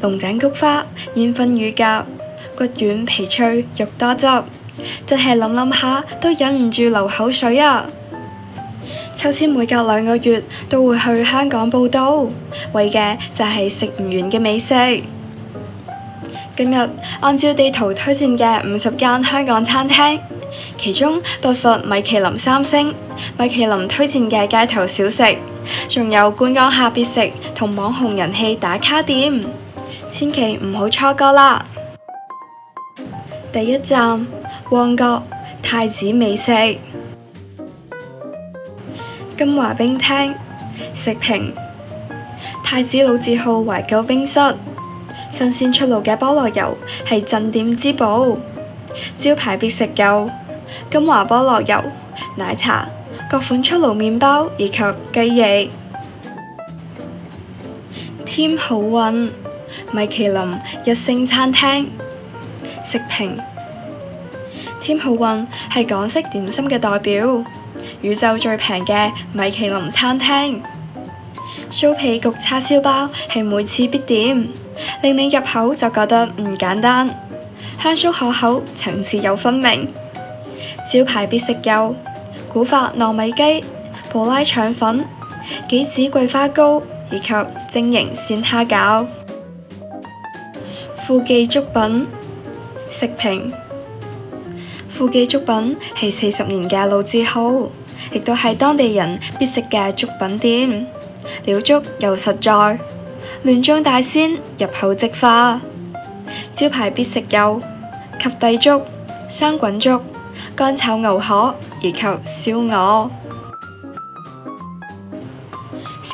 龍井菊花煙燻乳鴿，骨軟皮脆肉多汁，真係諗諗下都忍唔住流口水啊！秋千每隔兩個月都會去香港報到，為嘅就係食唔完嘅美食。今日按照地圖推薦嘅五十間香港餐廳，其中不乏米其林三星、米其林推薦嘅街頭小食，仲有觀光客必食同網紅人氣打卡店。千祈唔好錯過啦！第一站，旺角太子美食、金華冰廳、食評、太子老字號懷舊冰室，新鮮出爐嘅菠蘿油係鎮店之寶，招牌必食有金華菠蘿油、奶茶、各款出爐麵包以及雞翼。添好運。米其林日式餐廳食評，添好運係港式點心嘅代表。宇宙最平嘅米其林餐廳，酥皮焗叉燒包係每次必點，令你入口就覺得唔簡單，香酥可口，口，層次有分明。招牌必食有古法糯米雞、布拉腸粉、杞子桂花糕以及晶瑩鮮蝦餃。富記粥品食評，富記粥品係四十年嘅老字號，亦都係當地人必食嘅粥品店，料足又實在，嫩中帶鮮，入口即化。招牌必食有及第粥、生滾粥、乾炒牛河以及燒鵝。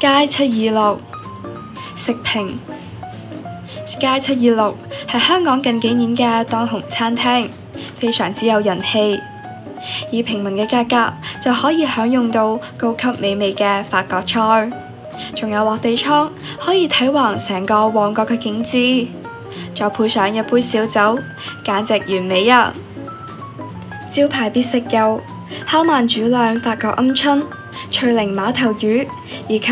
街七二六食評。Sky 726係香港近幾年嘅當紅餐廳，非常之有人氣。以平民嘅價格就可以享用到高級美味嘅法國菜，仲有落地窗可以睇橫成個旺角嘅景緻，再配上一杯小酒，簡直完美啊！招牌必食有烤慢煮量法國鵪鶉、翠玲馬頭魚，以及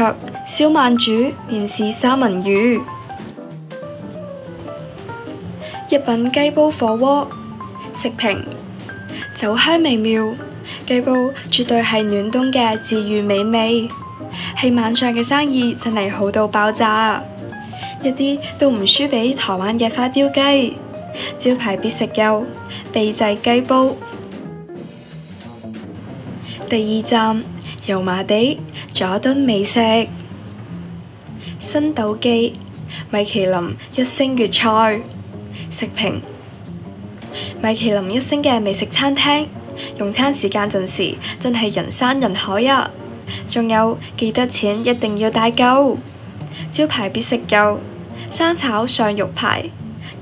燒慢煮麵豉三文魚。一品雞煲火鍋，食評酒香微妙，雞煲絕對係暖冬嘅治愈美味。係晚上嘅生意真係好到爆炸，一啲都唔輸俾台灣嘅花雕雞。招牌必食有秘製雞煲。第二站，油麻地佐敦美食，新島記，米其林一星粵菜。食評，米其林一星嘅美食餐廳，用餐時間陣時真係人山人海啊！仲有記得錢一定要帶夠，招牌必食夠，生炒上肉排，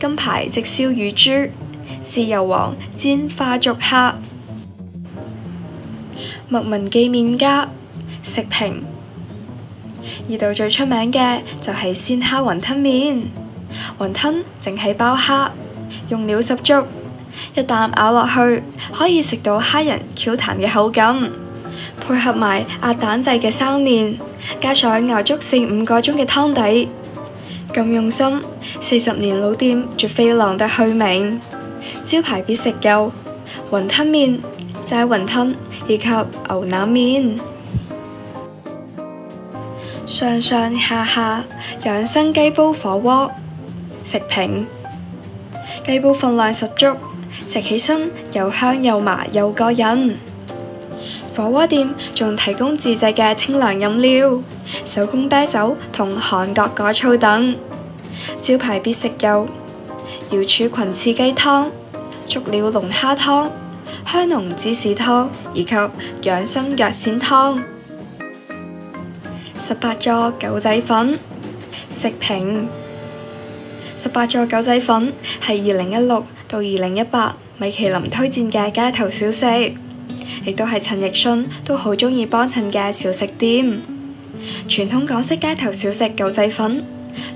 金牌即燒乳豬，豉油皇煎花竹蝦，麥文記麵家食評，呢度最出名嘅就係鮮蝦雲吞麵。雲吞淨係包蝦，用料十足，一啖咬落去可以食到蝦仁 Q 彈嘅口感，配合埋鴨蛋製嘅生麵，加上熬足四五個鐘嘅湯底，咁用心，四十年老店絕非浪得虛名。招牌必食有雲吞麵、齋雲吞以及牛腩麵。上上下下養生雞煲火鍋。食評，雞煲分量十足，食起身又香又麻又過癮。火鍋店仲提供自製嘅清涼飲料、手工啤酒同韓國果醋等。招牌必食有瑤柱裙翅雞湯、足料龍蝦湯、香濃芝士湯以及養生藥膳湯。十八座狗仔粉食評。十八座狗仔粉係二零一六到二零一八米其林推薦嘅街頭小食，亦都係陳奕迅都好鍾意幫襯嘅小食店。傳統港式街頭小食狗仔粉，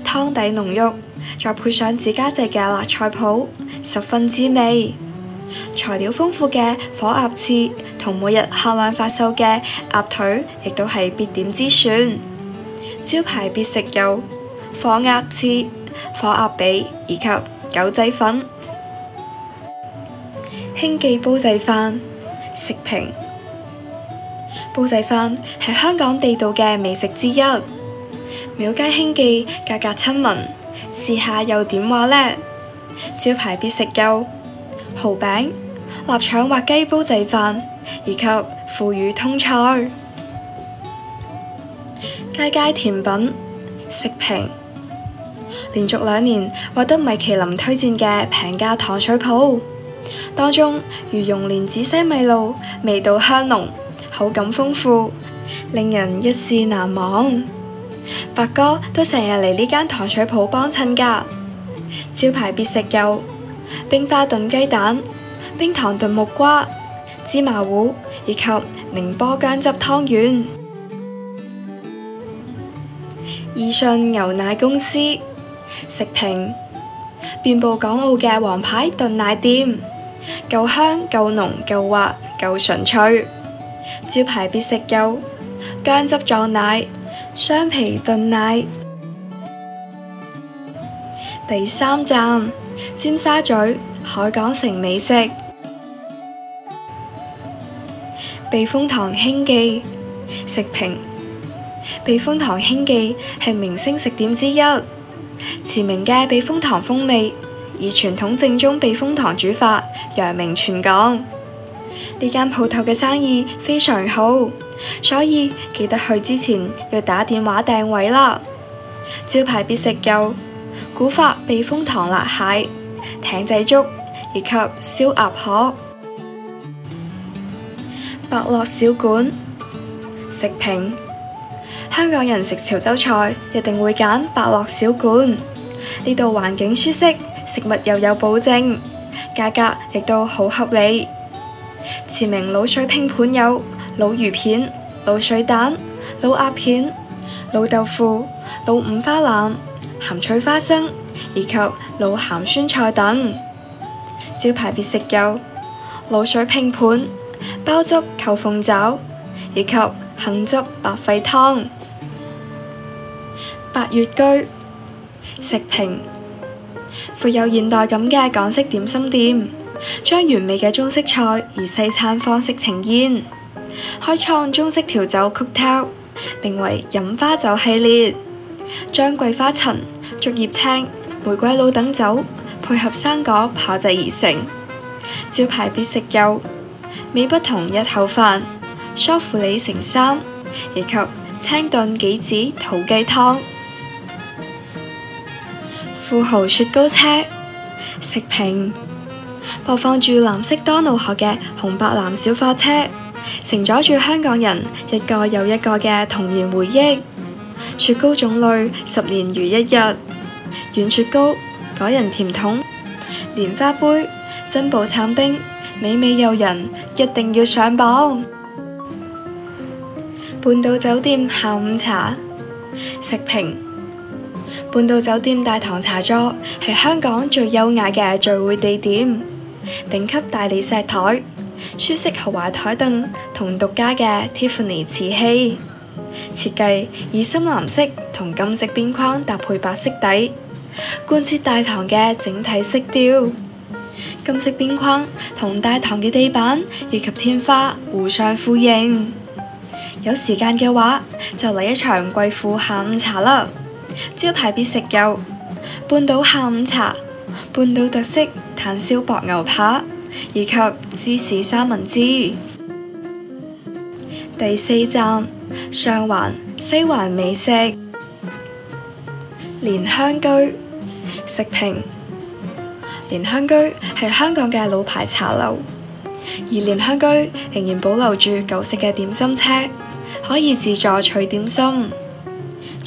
湯底濃郁，再配上自家製嘅辣菜脯，十分滋味。材料豐富嘅火鴨翅同每日限量發售嘅鴨腿，亦都係必點之選。招牌必食有火鴨翅。火鴨髀以及狗仔粉，興記煲仔飯食評。煲仔飯係香港地道嘅美食之一，廟街興記價格親民，試下又點話呢？招牌必食有蠔餅、臘腸滑雞煲仔飯以及腐乳通菜。街街甜品食評。連續兩年獲得米其林推薦嘅平價糖水鋪，當中如用蓮子西米露，味道香濃，口感豐富，令人一試難忘。白哥都成日嚟呢間糖水鋪幫襯噶。招牌必食有冰花燉雞蛋、冰糖燉木瓜、芝麻糊以及寧波薑汁湯圓。義順牛奶公司。食評遍佈港澳嘅皇牌燉奶店，夠香夠濃夠滑夠純粹，招牌必食有薑汁撞奶、雙皮燉奶。第三站，尖沙咀海港城美食，避風塘興記食評，避風塘興記係明星食店之一。馳名嘅避風塘風味，以傳統正宗避風塘煮法揚名全港。呢間鋪頭嘅生意非常好，所以記得去之前要打電話訂位啦。招牌必食有古法避風塘辣蟹、艇仔粥以及燒鴨殼。百樂小館食評：香港人食潮州菜，一定會揀百樂小館。呢度環境舒適，食物又有保證，價格亦都好合理。馳名滷水拼盤有滷魚片、滷水蛋、滷鴨片、滷豆腐、滷五花腩、鹹脆花生，以及滷鹹酸菜等。招牌必食有滷水拼盤、鮑汁扣鳳爪，以及杏汁白肺湯。八月居。食評，富有現代感嘅港式點心店，將完美嘅中式菜以西餐方式呈現，開創中式調酒 cocktail，名為飲花酒系列，將桂花陳、竹葉青、玫瑰露等酒配合生果炮製而成。招牌必食有，美不同一口飯，梳乎厘成三，以及清燉杞子土雞湯。富豪雪糕車，食評，播放住藍色多瑙河嘅紅白藍小貨車，承載住香港人一個又一個嘅童年回憶。雪糕種類十年如一日，軟雪糕、果仁甜筒、蓮花杯、珍寶橙冰，美味誘人，一定要上榜。半島酒店下午茶，食評。半島酒店大堂茶座係香港最優雅嘅聚會地點，頂級大理石台、舒適豪華台凳同獨家嘅 Tiffany 瓷器設計，設計以深藍色同金色邊框搭配白色底，貫徹大堂嘅整體色調。金色邊框同大堂嘅地板以及天花互相呼應。有時間嘅話，就嚟一場貴婦下午茶啦～招牌必食有半島下午茶、半島特色炭燒薄薄牛扒以及芝士三文治。第四站，上環西環美食，蓮香居食評。蓮香居係香港嘅老牌茶樓，而蓮香居仍然保留住舊式嘅點心車，可以自助取點心。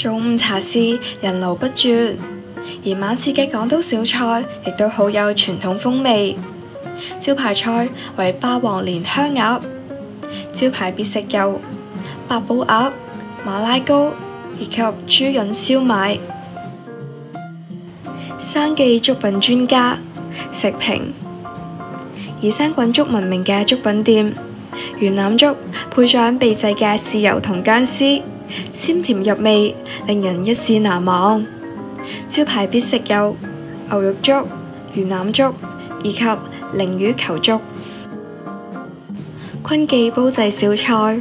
中午茶市人流不絕，而晚市嘅廣東小菜亦都好有傳統風味。招牌菜為霸王蓮香鴨，招牌必食有八寶鴨、馬拉糕以及豬潤燒賣。生記粥品專家食評，以生滾粥聞名嘅粥品店，魚腩粥配上秘製嘅豉油同薑絲。鮮甜入味，令人一試難忘。招牌必食有牛肉粥、魚腩粥以及鯪魚球粥。坤記煲仔小菜，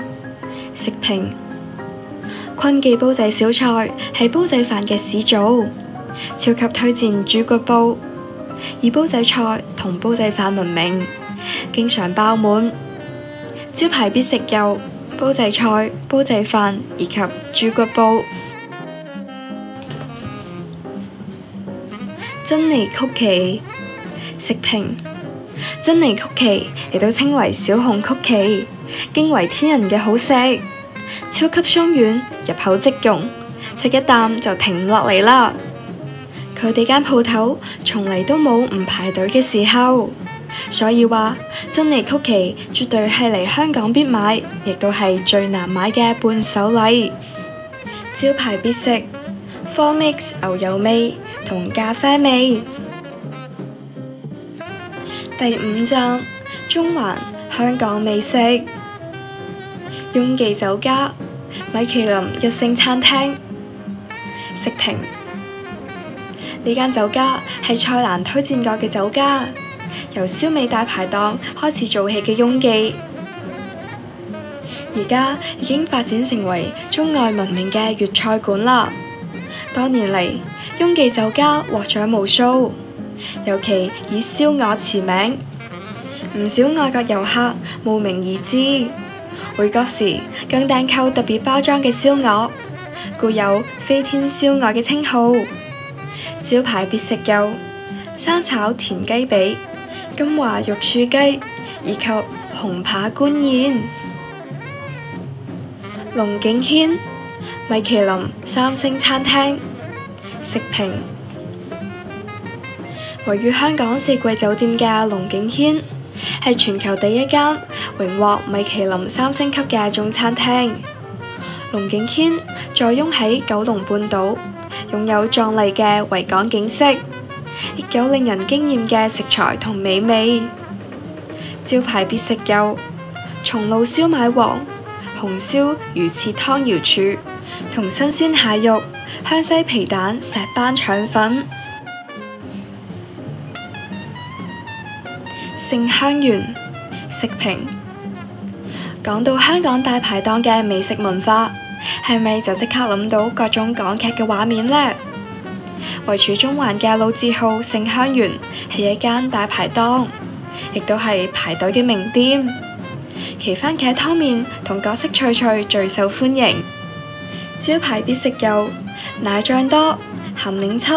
食評。坤記煲仔小菜係煲仔飯嘅始祖，超級推薦豬骨煲，以煲仔菜同煲仔飯聞名，經常爆滿。招牌必食有。煲仔菜、煲仔飯以及豬骨煲。珍妮曲奇食評。珍妮曲奇亦都稱為小熊曲奇，驚為天人嘅好食，超級鬆軟，入口即溶，食一啖就停唔落嚟啦！佢哋間鋪頭，從嚟都冇唔排隊嘅時候。所以話，珍妮曲奇絕對係嚟香港必買，亦都係最難買嘅伴手禮。招牌必食，Four Mix 牛油味同咖啡味。第五站，中環香港美食，鏞記酒家、米其林勝廳一星餐廳食評。呢間酒家係蔡瀾推薦過嘅酒家。由燒味大排檔開始做起嘅鏞記，而家已經發展成為中外聞名嘅粵菜館啦。多年嚟，鏞記酒家獲獎無數，尤其以燒鵝馳名，唔少外國遊客慕名而至，回國時更訂購特別包裝嘅燒鵝，故有飛天燒鵝嘅稱號。招牌必食有生炒田雞髀。金華玉柱雞，以及紅扒官燕。龍景軒米其林三星餐廳食評，位於香港四季酒店嘅龍景軒，係全球第一間榮獲米其林三星級嘅中餐廳。龍景軒坐擁在擁喺九龍半島，擁有壯麗嘅維港景色。亦有令人驚豔嘅食材同美味，招牌必食有松露燒賣王、紅燒魚翅湯瑤柱、瑤柱同新鮮蟹肉、香西皮蛋、石斑腸粉。勝香園食評講到香港大排檔嘅美食文化，係咪就即刻諗到各種港劇嘅畫面呢？位處中環嘅老字號勝香園係一間大排檔，亦都係排隊嘅名店。其番茄湯麵同各式脆脆最受歡迎。招牌必食有奶醬多、咸檸七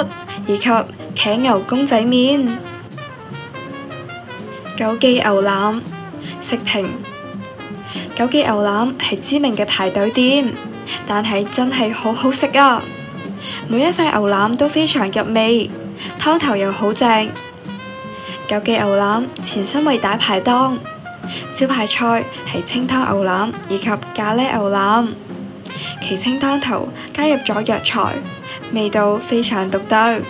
以及茄牛公仔麵。九記牛腩食評：九記牛腩係知名嘅排隊店，但係真係好好食啊！每一塊牛腩都非常入味，湯頭又好正。九記牛腩前身為大排檔，招牌菜係清湯牛腩以及咖喱牛腩。其清湯頭加入咗藥材，味道非常獨特。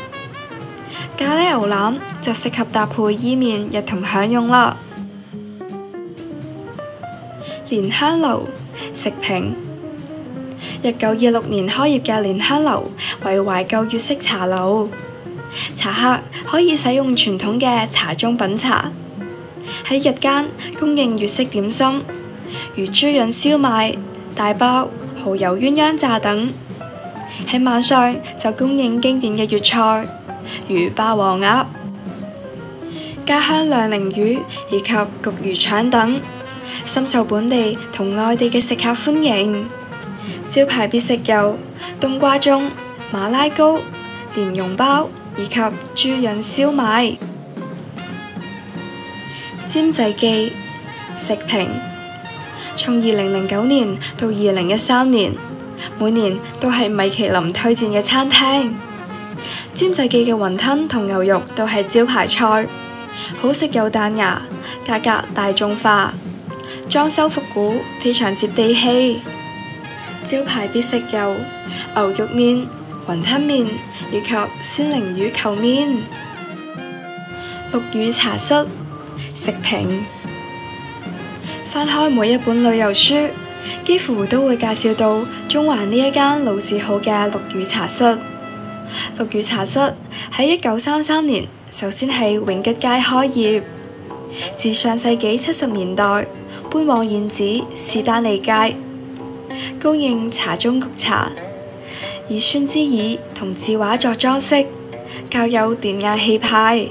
咖喱牛腩就適合搭配伊麵一同享用啦。蓮香樓食評。一九二六年開業嘅蓮香樓為懷舊粵式茶樓，茶客可以使用傳統嘅茶盅品茶。喺日間供應粵式點心，如豬潤燒賣、大包、蠔油鴛鴦炸等；喺晚上就供應經典嘅粵菜，如霸王鴨、家鄉釀鯪魚以及焗魚腸等，深受本地同外地嘅食客歡迎。招牌必食有冬瓜盅、馬拉糕、蓮蓉包以及豬潤燒賣。沾仔記食評，從二零零九年到二零一三年，每年都係米其林推薦嘅餐廳。沾仔記嘅雲吞同牛肉都係招牌菜，好食又彈牙，價格大眾化，裝修復古，非常接地氣。招牌必食有牛肉麵、雲吞麵以及鮮鯪魚球麵。陸羽茶室食評，翻開每一本旅遊書，幾乎都會介紹到中環呢一間老字號嘅陸羽茶室。陸羽茶室喺一九三三年首先喺永吉街開業，自上世紀七十年代搬往現址士丹利街。供應茶中菊茶，以酸枝椅同字畫作裝飾，較有典雅氣派，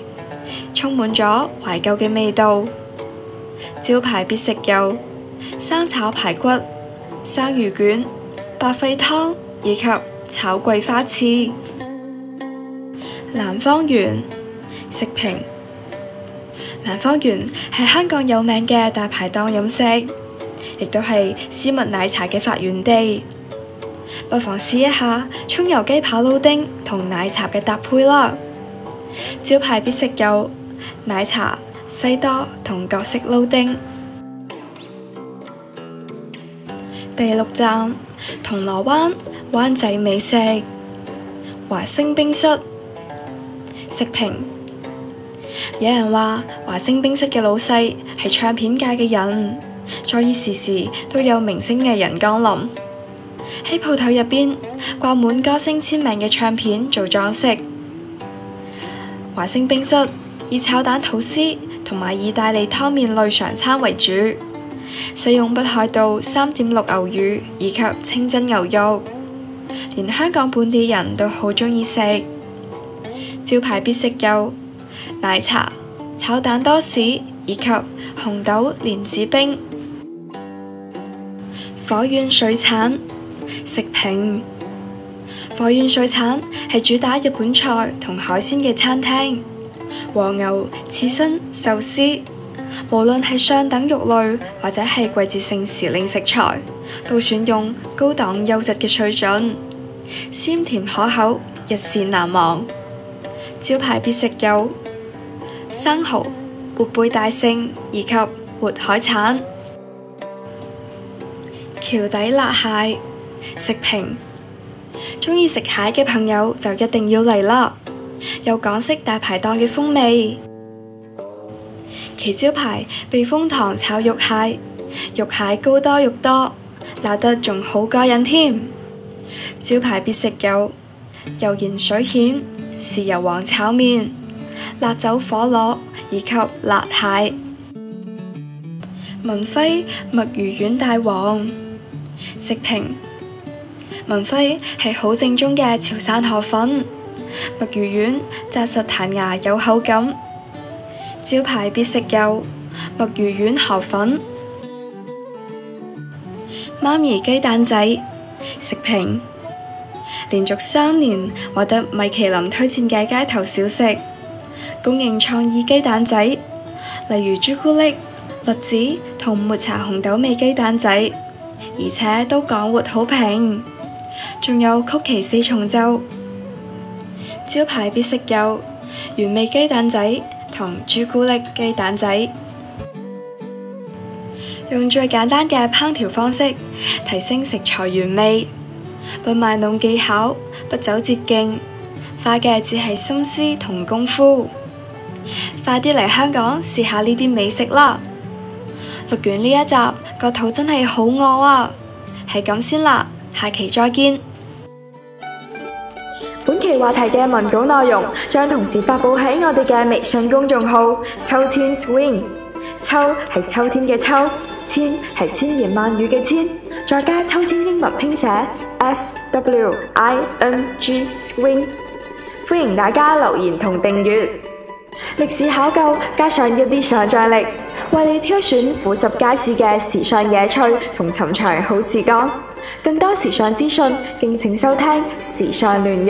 充滿咗懷舊嘅味道。招牌必食有生炒排骨、生魚卷、白肺湯以及炒桂花翅。南方園食評：南方園係香港有名嘅大排檔飲食。亦都係絲襪奶茶嘅發源地，不妨試一下葱油雞扒撈丁同奶茶嘅搭配啦。招牌必食有奶茶、西多同各式撈丁。第六站，銅鑼灣灣仔美食，華星冰室食評，有人話華星冰室嘅老細係唱片界嘅人。所以時時都有明星嘅人光臨，喺鋪頭入邊掛滿歌星簽名嘅唱片做裝飾。華星冰室以炒蛋吐司同埋意大利湯麵類常餐為主，使用北海道三點六牛乳以及清真牛肉，連香港本地人都好中意食。招牌必食有奶茶、炒蛋多士以及紅豆蓮子冰。火苑水產食評，火苑水產係主打日本菜同海鮮嘅餐廳。和牛、刺身、壽司，無論係上等肉類或者係季節性時令食材，都選用高檔優質嘅水準，鮮甜可口，一試難忘。招牌必食有生蚝、活貝大聖以及活海產。橋底辣蟹食評，鍾意食蟹嘅朋友就一定要嚟啦，有港式大排檔嘅風味。其招牌避風塘炒肉蟹，肉蟹膏多肉多，辣得仲好過癮添。招牌必食有油鹽水蜆、豉油皇炒麵、辣酒火螺以及辣蟹。文輝墨魚丸大王。食評，文輝係好正宗嘅潮汕河粉，墨魚丸紮實彈牙有口感。招牌必食有墨魚丸河粉、媽咪雞蛋仔。食評，連續三年獲得米其林推薦嘅街頭小食，供應創意雞蛋仔，例如朱古力、栗子同抹茶紅豆味雞蛋仔。而且都廣獲好評，仲有曲奇四重奏。招牌必食有原味雞蛋仔同朱古力雞蛋仔，用最簡單嘅烹調方式提升食材原味，不賣弄技巧，不走捷徑，花嘅只係心思同功夫，快啲嚟香港試下呢啲美食啦！讀完呢一集，個肚真係好餓啊！係咁先啦，下期再見。本期話題嘅文稿內容將同時發佈喺我哋嘅微信公眾號“秋千 swing”，秋係秋天嘅秋，千係千言萬語嘅千，再加秋千英文拼寫 S W I N G swing，歡迎大家留言同訂閱。歷史考究加上一啲想象力。為你挑選俯拾皆是嘅時尚野趣同尋常好時光，更多時尚資訊，敬請收聽《時尚亂入》。